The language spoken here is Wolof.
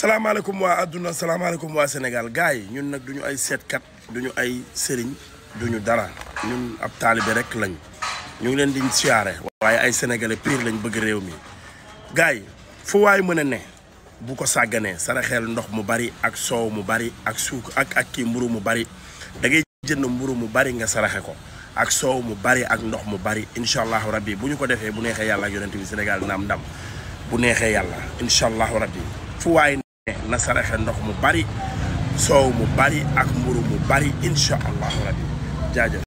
salaamaaleykum waa àdduna salaamaaleykum waa Sénégal gars yi ñun nag du ñu ay seetkat duñu ay sëriñ ñu dara ñun ab taalibe rek lañ ñu ngi leen di siyaare waaye ay sénégalais pire lañ bëgg réew mi gars yi fu waay mën a ne bu ko sàgganee saraxeel ndox mu bari ak soow mu bari ak suuk ak ak kii mburu mu bari da jënd mburu mu bari nga saraxe ko ak soow mu bari ak ndox mu bari incha allahu rabbi bu ñu ko defee bu neexee yàlla ak yonent bi Sénégal naam ndam bu neexee yàlla incha allahu rabbi fu na saraxe ndox mu bari soow mu bari ak mburu mu bari incha allahu rabbi